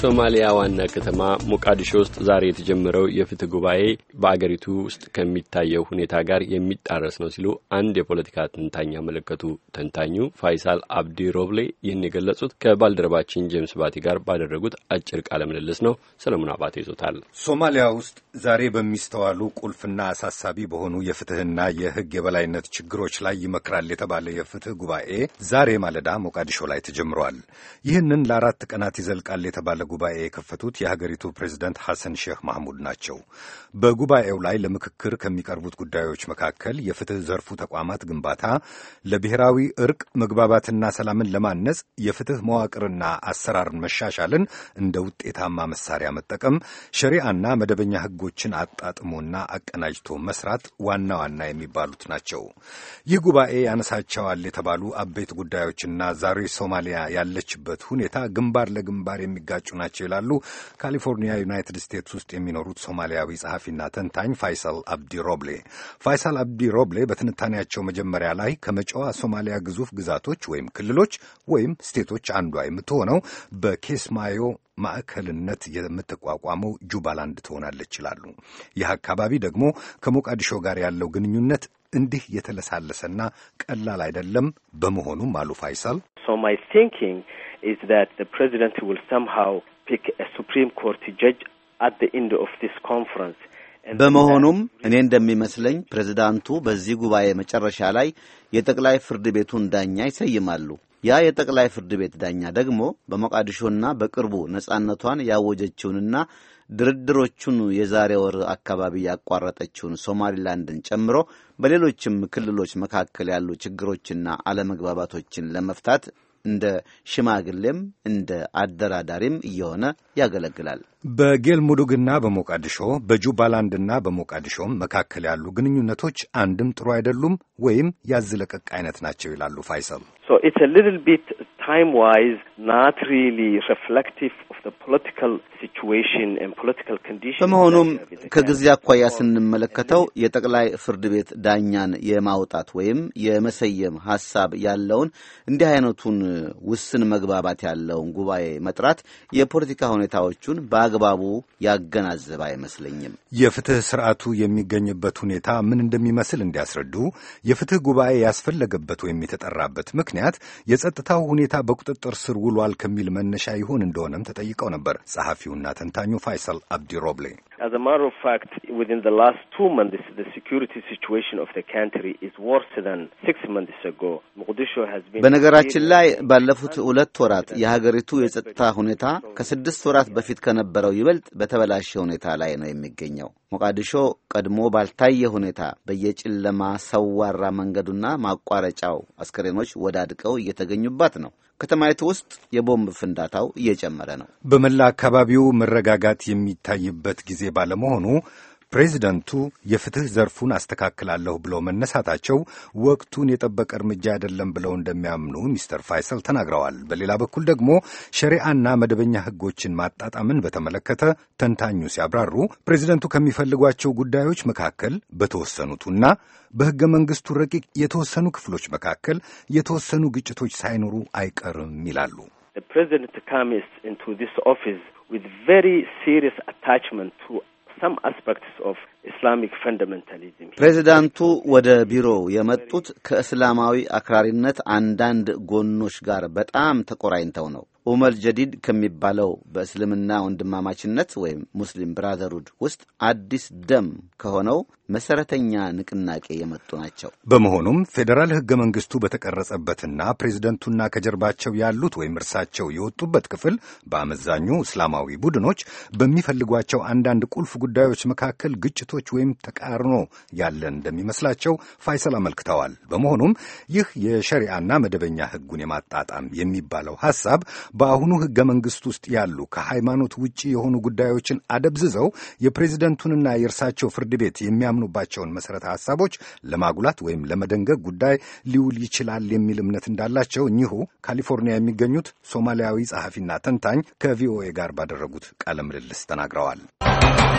ሶማሊያ ዋና ከተማ ሞቃዲሾ ውስጥ ዛሬ የተጀመረው የፍትህ ጉባኤ በአገሪቱ ውስጥ ከሚታየው ሁኔታ ጋር የሚጣረስ ነው ሲሉ አንድ የፖለቲካ ተንታኝ ያመለከቱ። ተንታኙ ፋይሳል አብዲ ሮብሌ ይህን የገለጹት ከባልደረባችን ጄምስ ባቲ ጋር ባደረጉት አጭር ቃለ ምልልስ ነው። ሰለሞን አባተ ይዞታል። ሶማሊያ ውስጥ ዛሬ በሚስተዋሉ ቁልፍና አሳሳቢ በሆኑ የፍትህና የህግ የበላይነት ችግሮች ላይ ይመክራል የተባለ የፍትህ ጉባኤ ዛሬ ማለዳ ሞቃዲሾ ላይ ተጀምሯል። ይህንን ለአራት ቀናት ይዘልቃል የተባለ ጉባኤ የከፈቱት የሀገሪቱ ፕሬዚደንት ሐሰን ሼህ ማህሙድ ናቸው። በጉባኤው ላይ ለምክክር ከሚቀርቡት ጉዳዮች መካከል የፍትሕ ዘርፉ ተቋማት ግንባታ፣ ለብሔራዊ እርቅ መግባባትና ሰላምን ለማነጽ የፍትሕ መዋቅርና አሰራርን መሻሻልን እንደ ውጤታማ መሳሪያ መጠቀም፣ ሸሪዓና መደበኛ ህጎችን አጣጥሞና አቀናጅቶ መስራት ዋና ዋና የሚባሉት ናቸው። ይህ ጉባኤ ያነሳቸዋል የተባሉ አበይት ጉዳዮችና ዛሬ ሶማሊያ ያለችበት ሁኔታ ግንባር ለግንባር የሚጋጩ ናቸው ይላሉ ካሊፎርኒያ ዩናይትድ ስቴትስ ውስጥ የሚኖሩት ሶማሊያዊ ጸሐፊና ተንታኝ ፋይሳል አብዲ ሮብሌ። ፋይሳል አብዲ ሮብሌ በትንታኔያቸው መጀመሪያ ላይ ከመጪዋ ሶማሊያ ግዙፍ ግዛቶች ወይም ክልሎች ወይም ስቴቶች አንዷ የምትሆነው በኬስማዮ ማዕከልነት የምትቋቋመው ጁባላንድ ትሆናለች ይላሉ። ይህ አካባቢ ደግሞ ከሞቃዲሾ ጋር ያለው ግንኙነት እንዲህ የተለሳለሰና ቀላል አይደለም። በመሆኑም አሉ ፋይሳል is that the president will somehow pick a Supreme Court judge at the end of this conference. በመሆኑም እኔ እንደሚመስለኝ ፕሬዝዳንቱ በዚህ ጉባኤ መጨረሻ ላይ የጠቅላይ ፍርድ ቤቱን ዳኛ ይሰይማሉ። ያ የጠቅላይ ፍርድ ቤት ዳኛ ደግሞ በሞቃዲሾና በቅርቡ ነጻነቷን ያወጀችውንና ድርድሮቹን የዛሬ ወር አካባቢ ያቋረጠችውን ሶማሊላንድን ጨምሮ በሌሎችም ክልሎች መካከል ያሉ ችግሮችና አለመግባባቶችን ለመፍታት እንደ ሽማግሌም እንደ አደራዳሪም እየሆነ ያገለግላል። በጌልሙዱግና በሞቃዲሾ በጁባላንድና በሞቃዲሾም መካከል ያሉ ግንኙነቶች አንድም ጥሩ አይደሉም ወይም ያዝለቀቅ አይነት ናቸው ይላሉ ፋይሰል። በመሆኑም ከጊዜ አኳያ ስንመለከተው የጠቅላይ ፍርድ ቤት ዳኛን የማውጣት ወይም የመሰየም ሀሳብ ያለውን እንዲህ አይነቱን ውስን መግባባት ያለውን ጉባኤ መጥራት የፖለቲካ ሁኔታዎቹን በአግባቡ ያገናዘበ አይመስለኝም። የፍትህ ስርዓቱ የሚገኝበት ሁኔታ ምን እንደሚመስል እንዲያስረዱ የፍትህ ጉባኤ ያስፈለገበት ወይም የተጠራበት ምክንያት የጸጥታው ሁኔታ በቁጥጥር ስር ውሏል ከሚል መነሻ ይሆን እንደሆነም ተጠይቀው ነበር ጸሐፊውና ተንታኙ ፋይሰል አብዲ ሮብሌ። በነገራችን ላይ ባለፉት ሁለት ወራት የሀገሪቱ የጸጥታ ሁኔታ ከስድስት ወራት በፊት ከነበረው ይበልጥ በተበላሸ ሁኔታ ላይ ነው የሚገኘው። ሞቃዲሾ ቀድሞ ባልታየ ሁኔታ በየጨለማ ሰዋራ መንገዱና ማቋረጫው አስከሬኖች ወዳድቀው እየተገኙባት ነው። ከተማይቱ ውስጥ የቦምብ ፍንዳታው እየጨመረ ነው። በመላ አካባቢው መረጋጋት የሚታይበት ጊዜ ባለመሆኑ ፕሬዚደንቱ የፍትህ ዘርፉን አስተካክላለሁ ብሎ መነሳታቸው ወቅቱን የጠበቀ እርምጃ አይደለም ብለው እንደሚያምኑ ሚስተር ፋይሰል ተናግረዋል። በሌላ በኩል ደግሞ ሸሪአና መደበኛ ህጎችን ማጣጣምን በተመለከተ ተንታኙ ሲያብራሩ ፕሬዚደንቱ ከሚፈልጓቸው ጉዳዮች መካከል በተወሰኑትና በሕገ መንግሥቱ ረቂቅ የተወሰኑ ክፍሎች መካከል የተወሰኑ ግጭቶች ሳይኖሩ አይቀርም ይላሉ። ፕሬዚደንት ካሚስ ኢንቱ into ኦፊስ ዊዝ ቨሪ very አታችመንት ቱ some aspects of Islamic ፕሬዚዳንቱ ወደ ቢሮው የመጡት ከእስላማዊ አክራሪነት አንዳንድ ጎኖች ጋር በጣም ተቆራኝተው ነው። ኡመል ጀዲድ ከሚባለው በእስልምና ወንድማማችነት ወይም ሙስሊም ብራዘርሁድ ውስጥ አዲስ ደም ከሆነው መሰረተኛ ንቅናቄ የመጡ ናቸው። በመሆኑም ፌዴራል ሕገ መንግሥቱ በተቀረጸበትና ፕሬዚደንቱና ከጀርባቸው ያሉት ወይም እርሳቸው የወጡበት ክፍል በአመዛኙ እስላማዊ ቡድኖች በሚፈልጓቸው አንዳንድ ቁልፍ ጉዳዮች መካከል ግጭቶች ወይም ተቃርኖ ያለ እንደሚመስላቸው ፋይሰል አመልክተዋል። በመሆኑም ይህ የሸሪዓና መደበኛ ሕጉን የማጣጣም የሚባለው ሐሳብ በአሁኑ ሕገ መንግሥት ውስጥ ያሉ ከሃይማኖት ውጪ የሆኑ ጉዳዮችን አደብዝዘው የፕሬዚደንቱንና የእርሳቸው ፍርድ ቤት የሚያምኑ የሚያምኑባቸውን መሠረተ ሐሳቦች ለማጉላት ወይም ለመደንገግ ጉዳይ ሊውል ይችላል የሚል እምነት እንዳላቸው እኚሁ ካሊፎርኒያ የሚገኙት ሶማሊያዊ ጸሐፊና ተንታኝ ከቪኦኤ ጋር ባደረጉት ቃለ ምልልስ ተናግረዋል።